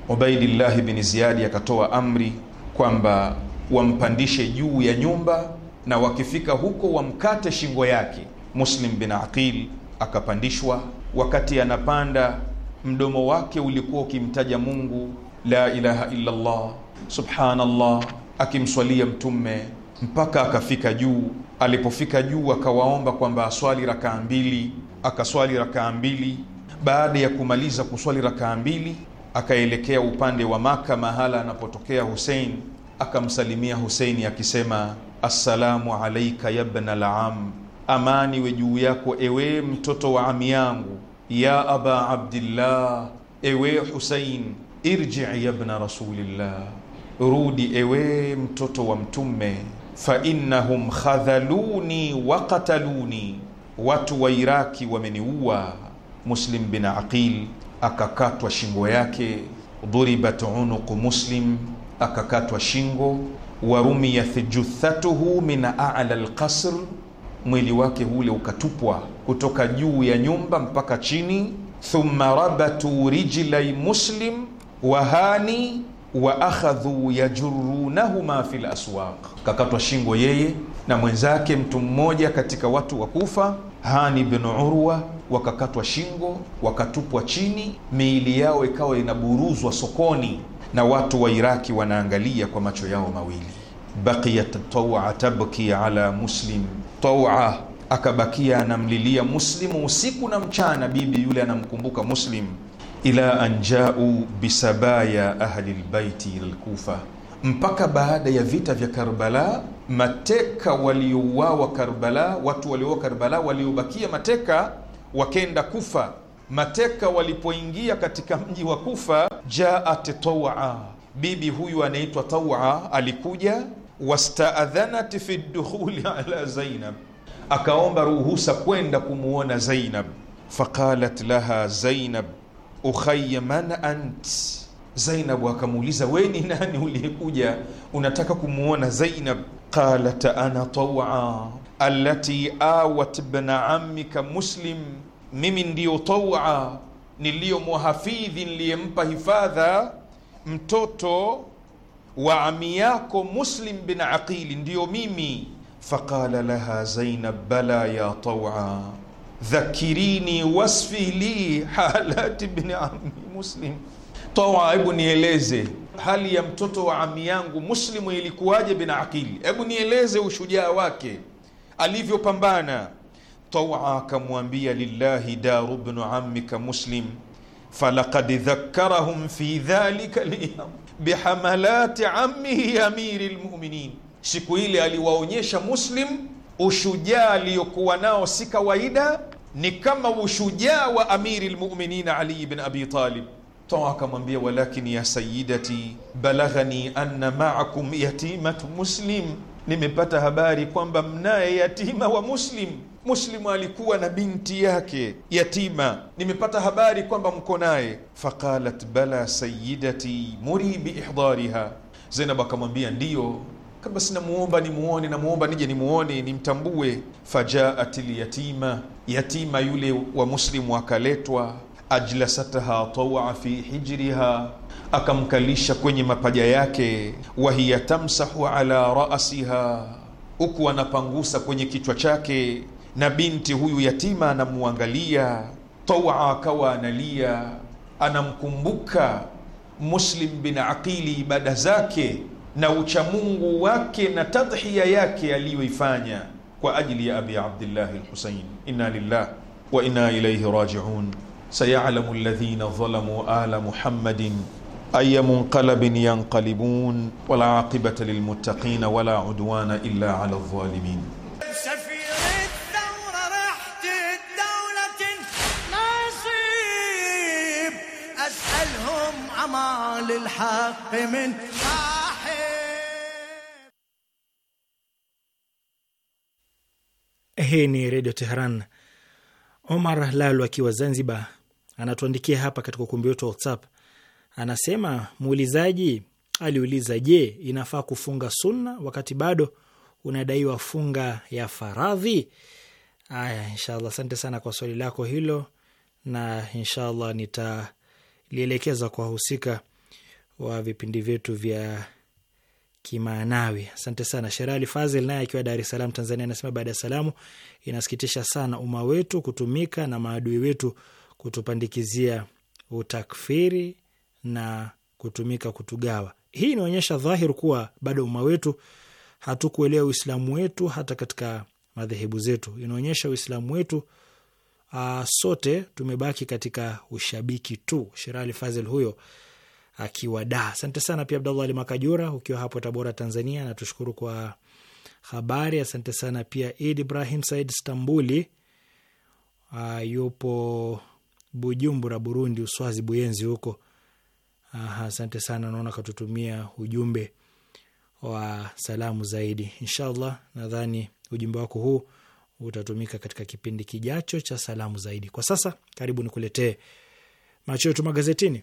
Ubaidillahi bin Ziyadi akatoa amri kwamba wampandishe juu ya nyumba na wakifika huko wamkate shingo yake. Muslim bin Aqil akapandishwa wakati anapanda mdomo wake ulikuwa ukimtaja Mungu, la ilaha illa Allah, subhanallah, akimswalia Mtume mpaka akafika juu. Alipofika juu, akawaomba kwamba aswali rakaa mbili, akaswali rakaa mbili. Baada ya kumaliza kuswali rakaa mbili, akaelekea upande wa Maka, mahala anapotokea Husein, akamsalimia Huseini akisema assalamu alaika yabna al-am amani we juu yako, ewe mtoto wa ami yangu, ya aba Abdillah, ewe Husain, irji yabna rasulillah, rudi ewe mtoto wa Mtume, fa innahum khadhaluni wa qataluni, watu wa Iraki wameniua. Muslim bin Aqil akakatwa shingo yake, dhuribat unuqu Muslim, akakatwa shingo, warumiya juthatuhu min a'la alqasr mwili wake ule ukatupwa kutoka juu ya nyumba mpaka chini. Thumma rabatu rijlai muslim hani wa akhadhu yajurunahuma fi laswaq, kakatwa shingo yeye na mwenzake mtu mmoja katika watu wa Kufa, Hani bin Urwa, wakakatwa shingo wakatupwa chini, miili yao ikawa inaburuzwa sokoni na watu wa Iraki wanaangalia kwa macho yao mawili. Baqiyat tawa tabki ala muslim taua akabakia anamlilia Muslimu usiku na mchana, bibi yule anamkumbuka Muslim, ila anjau bisabaya ahli lbaiti ila lkufa, mpaka baada ya vita vya Karbala, mateka waliouawa Karbala, watu waliouawa Karbala waliobakia mateka wakenda Kufa. Mateka walipoingia katika mji wa Kufa, jaat taua, bibi huyu anaitwa Taua alikuja wastaadhanat fi dukhuli ala Zainab, akaomba ruhusa kwenda kumuona Zainab. Faqalat laha Zainab ukhayya man ant, Zainab akamuuliza we ni nani uliyekuja unataka kumuona Zainab? Qalat ana tawa allati awat bna ammika Muslim, mimi ndiyo tawa niliyomhafidhi niliyempa hifadha mtoto wa ami yako Muslim bin Aqili ndiyo mimi. Faqala laha Zainab bala ya taua dhakirini wasfi li halati bin ami Muslim. taua, hebu nieleze hali ya mtoto wa ami yangu Muslimu ilikuwaje? Bin Aqili, hebu nieleze ushujaa wake alivyopambana. Taua akamwambia lillahi daru bnu amika Muslim falakad dhakarahum fi dhalika liyam bihamalati ammihi amiri lmuminin, siku ile aliwaonyesha Muslim ushujaa aliyokuwa nao si kawaida, ni kama ushujaa wa amiri lmuminin Ali ibn Abi Talib. Toa akamwambia, walakin ya sayidati balaghani anna maakum yatimatu muslim, nimepata habari kwamba mnaye yatima wa Muslim. Muslimu alikuwa na binti yake yatima, nimepata habari kwamba mko naye. Faqalat bala sayyidati muri biihdariha, Zainab akamwambia ndiyo kama sinamuomba nimuone, namuomba nije nimuone nimtambue. Fajaat lyatima, yatima yule wa Muslimu akaletwa. Ajlasatha tawa fi hijriha, akamkalisha kwenye mapaja yake. Wahiya tamsahu ala rasiha, huku anapangusa kwenye kichwa chake na binti huyu yatima anamwangalia tawa akawa analia, anamkumbuka Muslim bin Aqili ibada zake na uchamungu wake na tadhiya yake aliyoifanya kwa ajili ya Abi Abdillahi al-Husayn. Inna lillah wa inna ilayhi rajiun. Sayalamu alladhina zalamu ala Muhammadin aya munqalabin yanqalibun wala aqibata lilmuttaqin wala udwana illa ala dhalimin للحق من صاحب Hii ni Redio Tehran. Omar Lalu akiwa Zanzibar anatuandikia hapa katika ukumbi wetu wa WhatsApp, anasema muulizaji aliuliza, je, inafaa kufunga sunna wakati bado unadaiwa funga ya faradhi? Aya, inshallah, asante sana kwa swali lako hilo, na inshallah nitalielekeza kwa wahusika wa vipindi vyetu vya kimaanawi. Asante sana Sherali Fazil naye akiwa Dar es Salaam, Tanzania, anasema baada ya salamu, inasikitisha sana umma wetu kutumika na maadui wetu kutupandikizia utakfiri na kutumika kutugawa. Hii inaonyesha dhahiri kuwa bado umma wetu hatukuelewa Uislamu wetu hata katika madhehebu zetu. Inaonyesha Uislamu wetu uh, sote tumebaki katika ushabiki tu. Sherali Fazil huyo akiwa da. Asante sana pia Abdallah Ali Makajura, ukiwa hapo Tabora, Tanzania, natushukuru kwa habari. Asante sana pia Id Ibrahim Said Stambuli, uh, yupo Bujumbura, Burundi, Uswazi Buyenzi huko. Uh, asante sana, naona katutumia ujumbe wa salamu zaidi. Inshallah, nadhani ujumbe wako huu utatumika katika kipindi kijacho cha salamu zaidi. Kwa sasa, karibu nikuletee macho yetu magazetini.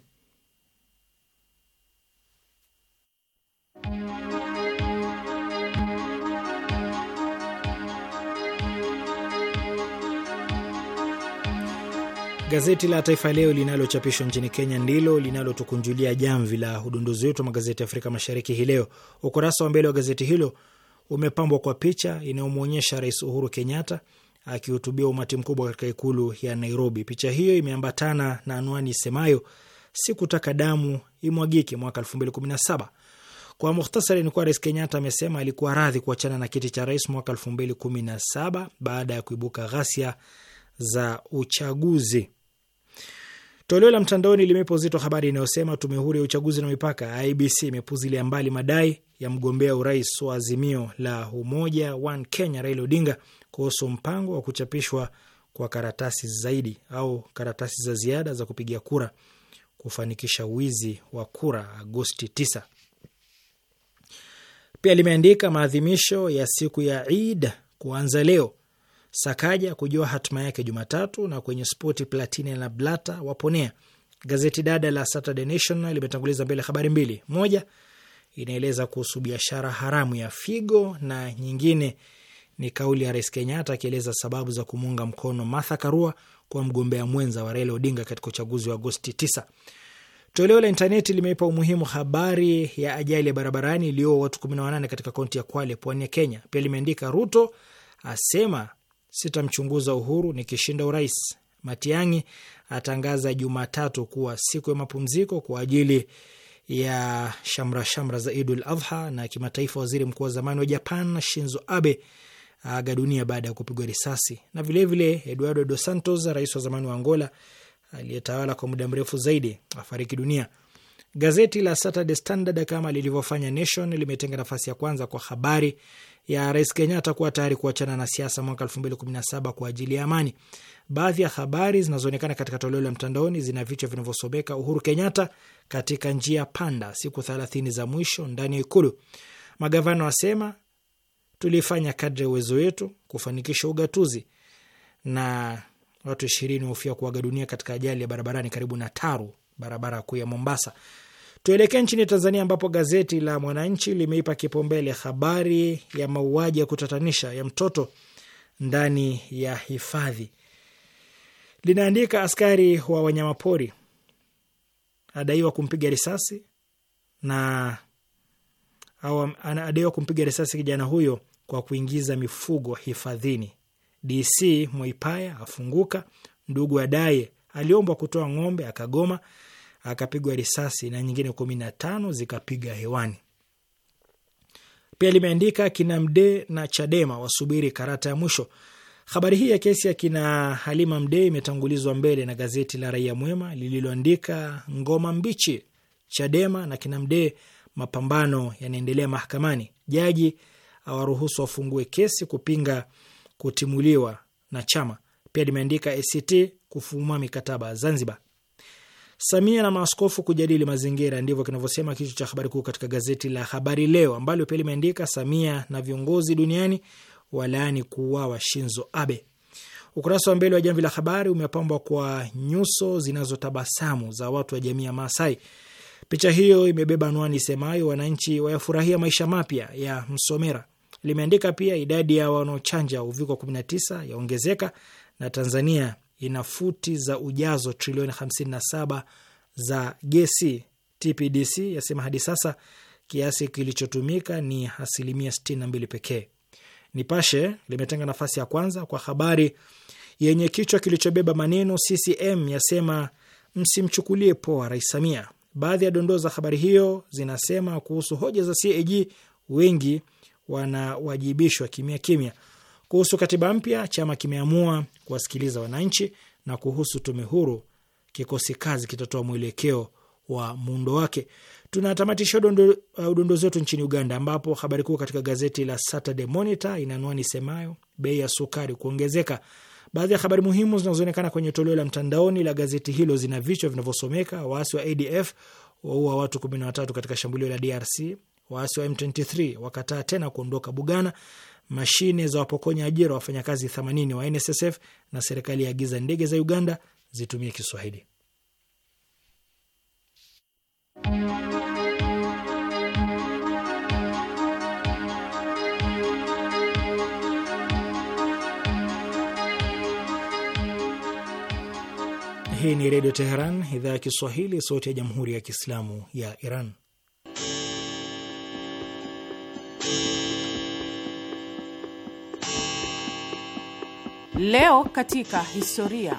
Gazeti la Taifa Leo linalochapishwa nchini Kenya ndilo linalotukunjulia jamvi la udunduzi wetu wa magazeti ya Afrika Mashariki hii leo. Ukurasa wa mbele wa gazeti hilo umepambwa kwa picha inayomwonyesha Rais Uhuru Kenyatta akihutubia umati mkubwa katika ikulu ya Nairobi. Picha hiyo imeambatana na anwani isemayo sikutaka damu imwagike mwaka 2017. Kwa muhtasari ni kuwa Rais Kenyatta amesema alikuwa radhi kuachana na kiti cha rais mwaka 2017 baada ya kuibuka ghasia za uchaguzi. Toleo la mtandaoni limepa uzito habari inayosema tume huru ya uchaguzi na mipaka IBC imepuzilia mbali madai ya mgombea urais wa Azimio la Umoja One Kenya Raila Odinga kuhusu mpango wa kuchapishwa kwa karatasi zaidi au karatasi za ziada za kupigia kura kufanikisha wizi wa kura Agosti 9. Pia limeandika maadhimisho ya siku ya Eid kuanza leo Sakaja kujua hatima yake Jumatatu, na kwenye spoti Platini na Blata waponea. Gazeti dada la Saturday National limetanguliza mbele habari mbili, moja inaeleza kuhusu biashara haramu ya figo na nyingine ni kauli ya Rais Kenyatta akieleza sababu za kumuunga mkono Martha Karua kwa mgombea mwenza wa Raila Odinga katika uchaguzi wa Agosti 9. Toleo la intaneti limeipa umuhimu habari ya ajali ya barabarani iliyoua watu 18 katika kaunti ya Kwale, pwani ya Kenya. Pia limeandika Ruto asema sitamchunguza Uhuru nikishinda urais. Matiang'i atangaza Jumatatu kuwa siku ya mapumziko kwa ajili ya shamra shamra za Idul Adha. Na kimataifa, waziri mkuu wa zamani wa Japan Shinzo Abe aga dunia baada ya kupigwa risasi. Na vilevile vile, Eduardo Dos Santos, rais wa zamani wa Angola aliyetawala kwa muda mrefu zaidi, afariki dunia. Gazeti la Saturday Standard kama lilivyofanya Nation limetenga nafasi ya kwanza kwa habari ya Rais Kenyatta kuwa tayari kuachana na siasa mwaka 2017 kwa ajili ya amani. Baadhi ya habari zinazoonekana katika toleo la mtandaoni zina vichwa vinavyosomeka Uhuru Kenyatta katika njia panda, siku 30 za mwisho ndani ya Ikulu, magavana wasema tulifanya kadri ya uwezo wetu kufanikisha ugatuzi, na watu ishirini wahofia kuaga dunia katika ajali ya barabarani karibu na Taru, barabara kuu ya Mombasa. Tuelekee nchini Tanzania ambapo gazeti la Mwananchi limeipa kipaumbele habari ya mauaji ya kutatanisha ya mtoto ndani ya hifadhi. Linaandika askari wa wanyamapori adaiwa kumpiga risasi na au kumpiga risasi kijana huyo kwa kuingiza mifugo hifadhini. DC Mwaipaya afunguka, ndugu adaye aliombwa kutoa ng'ombe akagoma akapigwa risasi na nyingine kumi na tano zikapiga hewani. Pia limeandika kina Mdee na Chadema wasubiri karata ya mwisho. Habari hii ya kesi ya kina Halima Mdee imetangulizwa mbele na gazeti la Raia Mwema lililoandika ngoma mbichi, Chadema na kina Mdee mapambano yanaendelea mahakamani, jaji awaruhusu wafungue kesi kupinga kutimuliwa na chama. Pia limeandika ACT kufumua mikataba Zanzibar. Samia na maaskofu kujadili mazingira, ndivyo kinavyosema kichwa cha habari kuu katika gazeti la Habari Leo, ambalo pia limeandika Samia na viongozi duniani walaani kuuawa Shinzo Abe. Ukurasa wa mbele wa Jamvi la Habari umepambwa kwa nyuso zinazotabasamu za watu wa jamii ya Maasai. Picha hiyo imebeba anwani semayo wananchi wayafurahia maisha mapya ya Msomera. Limeandika pia idadi ya wanaochanja uviko 19 yaongezeka na Tanzania ina futi za ujazo trilioni 57 za gesi. TPDC yasema hadi sasa kiasi kilichotumika ni asilimia 62 pekee. Nipashe limetenga nafasi ya kwanza kwa habari yenye kichwa kilichobeba maneno CCM yasema msimchukulie poa Rais Samia. Baadhi ya dondoo za habari hiyo zinasema kuhusu hoja za CAG, wengi wanawajibishwa kimya kimya. Kuhusu katiba mpya, chama kimeamua kuwasikiliza wananchi, na kuhusu tume huru, kikosi kazi kitatoa mwelekeo wa muundo wake. Tunatamatisha udondozi uh, wetu nchini Uganda, ambapo habari kuu katika gazeti la Saturday Monitor ina anwani semayo bei ya sukari kuongezeka. Baadhi ya habari muhimu zinazoonekana kwenye toleo la mtandaoni la gazeti hilo zina vichwa vinavyosomeka: waasi wa ADF waua watu 13 katika shambulio la DRC, waasi wa M23 wakataa tena kuondoka Bugana, mashine za wapokonya ajira wafanyakazi 80 wa NSSF na serikali yaagiza ndege za Uganda zitumie Kiswahili. Hii ni Redio Teheran, idhaa ya Kiswahili, sauti ya Jamhuri ya Kiislamu ya Iran. Leo katika historia.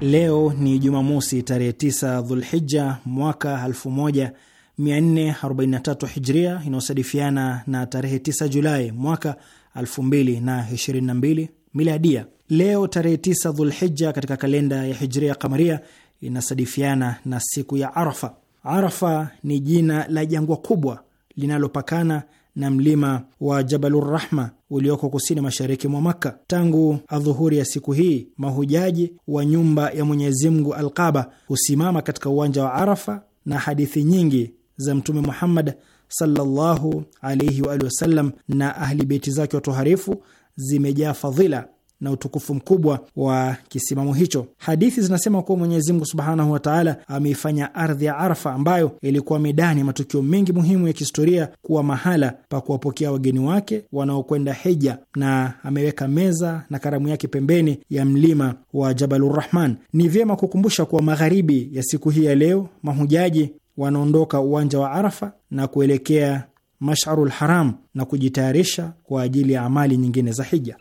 Leo ni Jumamosi tarehe 9 Dhulhija mwaka 1443 Hijria, inayosadifiana na tarehe 9 Julai mwaka 2022 Miladia. Leo tarehe 9 Dhulhija katika kalenda ya Hijria Kamaria inasadifiana na siku ya Arafa. Arafa ni jina la jangwa kubwa linalopakana na mlima wa Jabalurrahma ulioko kusini mashariki mwa Makka. Tangu adhuhuri ya siku hii, mahujaji wa nyumba ya Mwenyezi Mungu Alqaba husimama katika uwanja wa Arafa, na hadithi nyingi za Mtume Muhammad sallallahu alaihi wa alihi wasallam na ahli beiti zake watoharifu zimejaa fadhila na utukufu mkubwa wa kisimamo hicho. Hadithi zinasema kuwa Mwenyezi Mungu subhanahu wataala ameifanya ardhi ya Arfa, ambayo ilikuwa medani ya matukio mengi muhimu ya kihistoria, kuwa mahala pa kuwapokea wageni wake wanaokwenda hija, na ameweka meza na karamu yake pembeni ya mlima wa Jabalurrahman. Ni vyema kukumbusha kuwa magharibi ya siku hii ya leo mahujaji wanaondoka uwanja wa Arafa na kuelekea Masharul Haram na kujitayarisha kwa ajili ya amali nyingine za hija.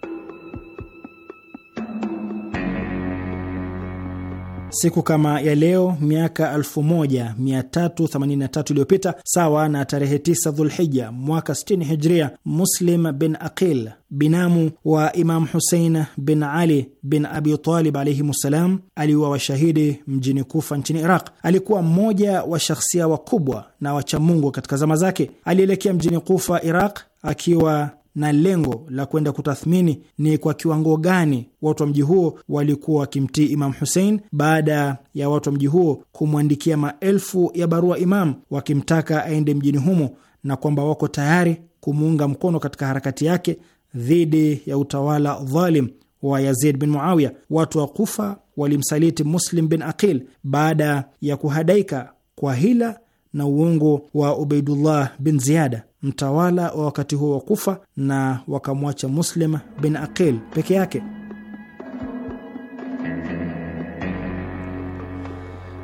Siku kama ya leo miaka 1383 iliyopita, sawa na tarehe 9 Dhulhija mwaka 60 Hijria, Muslim bin Aqil binamu wa Imam Husein bin Ali bin Abi Talib alaihim ssalam aliuwa washahidi mjini Kufa nchini Iraq. Alikuwa mmoja wa shakhsia wakubwa na wachamungu katika zama zake. Alielekea mjini Kufa, Iraq akiwa na lengo la kwenda kutathmini ni kwa kiwango gani watu wa mji huo walikuwa wakimtii Imam husein baada ya watu wa mji huo kumwandikia maelfu ya barua Imam wakimtaka aende mjini humo na kwamba wako tayari kumuunga mkono katika harakati yake dhidi ya utawala dhalim wa Yazid bin Muawiya. Watu wa Kufa walimsaliti Muslim bin Aqil baada ya kuhadaika kwa hila na uongo wa Ubaidullah bin Ziyada mtawala wa wakati huo wa Kufa, na wakamwacha Muslim bin Aqil peke yake.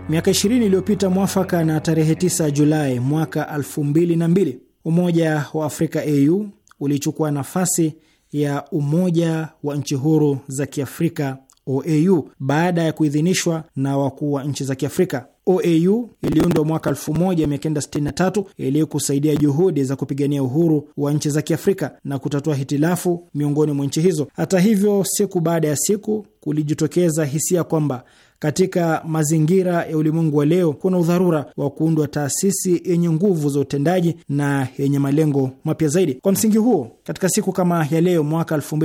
Miaka 20 iliyopita mwafaka na tarehe 9 Julai mwaka 2002 Umoja wa Afrika AU ulichukua nafasi ya Umoja wa Nchi Huru za Kiafrika OAU baada ya kuidhinishwa na wakuu wa nchi za Kiafrika. OAU iliundwa mwaka 1963 ili kusaidia juhudi za kupigania uhuru wa nchi za Kiafrika na kutatua hitilafu miongoni mwa nchi hizo. Hata hivyo, siku baada ya siku kulijitokeza hisia kwamba katika mazingira ya ulimwengu wa leo kuna udharura wa kuundwa taasisi yenye nguvu za utendaji na yenye malengo mapya zaidi. Kwa msingi huo, katika siku kama ya leo mwaka elfu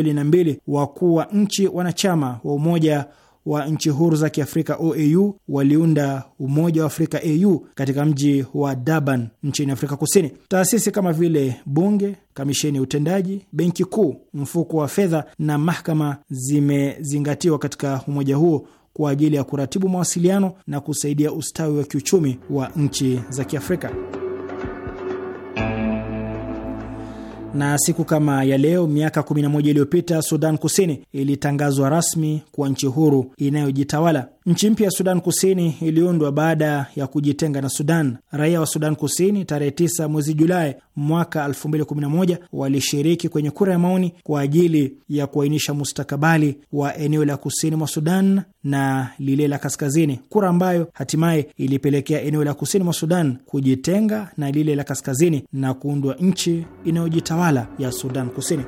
wakuu wa nchi wanachama wa Umoja wa nchi huru za Kiafrika OAU waliunda Umoja wa Afrika AU katika mji wa Durban nchini Afrika Kusini. Taasisi kama vile bunge, kamisheni ya utendaji, benki kuu, mfuko wa fedha na mahakama zimezingatiwa katika umoja huo kwa ajili ya kuratibu mawasiliano na kusaidia ustawi wa kiuchumi wa nchi za Kiafrika. Na siku kama ya leo miaka 11 iliyopita Sudan Kusini ilitangazwa rasmi kuwa nchi huru inayojitawala. Nchi mpya ya Sudan Kusini iliundwa baada ya kujitenga na Sudan. Raia wa Sudan Kusini tarehe 9 mwezi Julai mwaka 2011 walishiriki kwenye kura ya maoni kwa ajili ya kuainisha mustakabali wa eneo la kusini mwa Sudan na lile la kaskazini, kura ambayo hatimaye ilipelekea eneo la kusini mwa Sudan kujitenga na lile la kaskazini na kuundwa nchi inayojitawala ya Sudan Kusini.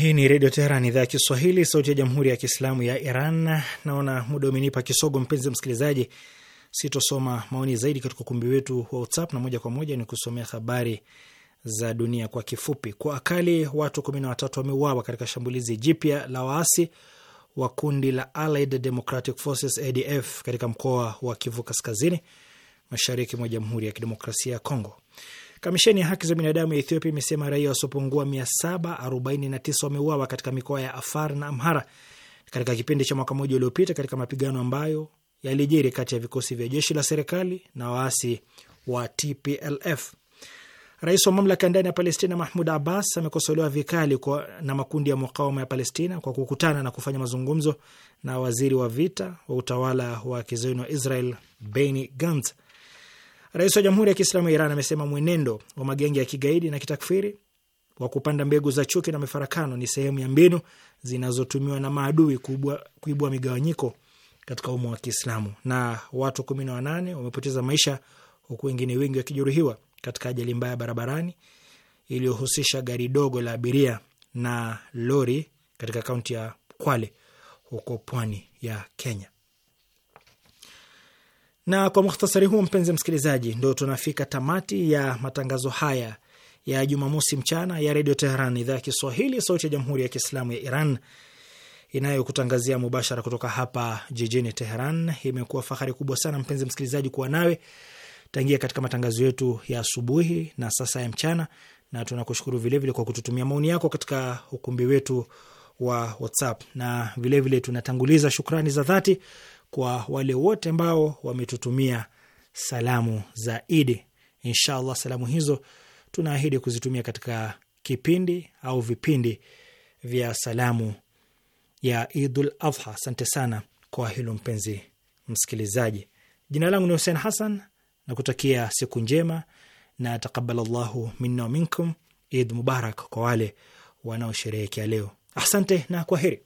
Hii ni Redio Teheran, idhaa ya Kiswahili, sauti ya Jamhuri ya Kiislamu ya Iran. Naona muda umenipa kisogo, mpenzi msikilizaji, sitosoma maoni zaidi katika ukumbi wetu wa WhatsApp na moja kwa moja ni kusomea habari za dunia kwa kifupi. Kwa akali watu kumi na watatu wameuawa katika shambulizi jipya la waasi wa kundi la Allied Democratic Forces ADF katika mkoa wa Kivu Kaskazini, mashariki mwa Jamhuri ya Kidemokrasia ya Kongo. Kamisheni ya haki za binadamu ya Ethiopia imesema raia wasiopungua 749 wameuawa katika mikoa ya Afar na Amhara katika kipindi cha mwaka mmoja uliopita katika mapigano ambayo yalijiri kati ya vikosi vya jeshi la serikali na waasi wa TPLF. Rais wa mamlaka ndani ya Palestina Mahmud Abbas amekosolewa vikali kwa na makundi ya mukawama ya Palestina kwa kukutana na kufanya mazungumzo na waziri wa vita wa utawala wa kizayuni wa Israel Benny Gantz. Rais wa Jamhuri ya Kiislamu ya Iran amesema mwenendo wa magenge ya kigaidi na kitakfiri wa kupanda mbegu za chuki na mifarakano ni sehemu ya mbinu zinazotumiwa na maadui kuibua migawanyiko katika umma wa Kiislamu. Na watu kumi na wanane wamepoteza maisha huku wengine wengi wakijeruhiwa katika ajali mbaya barabarani iliyohusisha gari dogo la abiria na lori katika kaunti ya Kwale huko pwani ya Kenya. Na kwa mukhtasari huo, mpenzi msikilizaji, ndo tunafika tamati ya matangazo haya ya Jumamosi mchana ya Redio Teheran, idhaa ya Kiswahili, sauti ya Jamhuri ya Kiislamu ya Iran inayokutangazia mubashara kutoka hapa jijini Teheran. Imekuwa fahari kubwa sana mpenzi msikilizaji kuwa nawe tangia katika matangazo yetu ya asubuhi na sasa ya mchana, na tunakushukuru vilevile kwa kututumia maoni yako katika ukumbi wetu wa WhatsApp na vilevile vile tunatanguliza shukrani za dhati kwa wale wote ambao wametutumia salamu za Idi. Inshallah, salamu hizo tunaahidi kuzitumia katika kipindi au vipindi vya salamu ya Idul Adha. Asante sana kwa hilo mpenzi msikilizaji. Jina langu ni Hussein Hassan, nakutakia siku njema na takabala llahu minna wa minkum. Id mubarak kwa wale wanaosherehekea leo. Asante na kwaheri.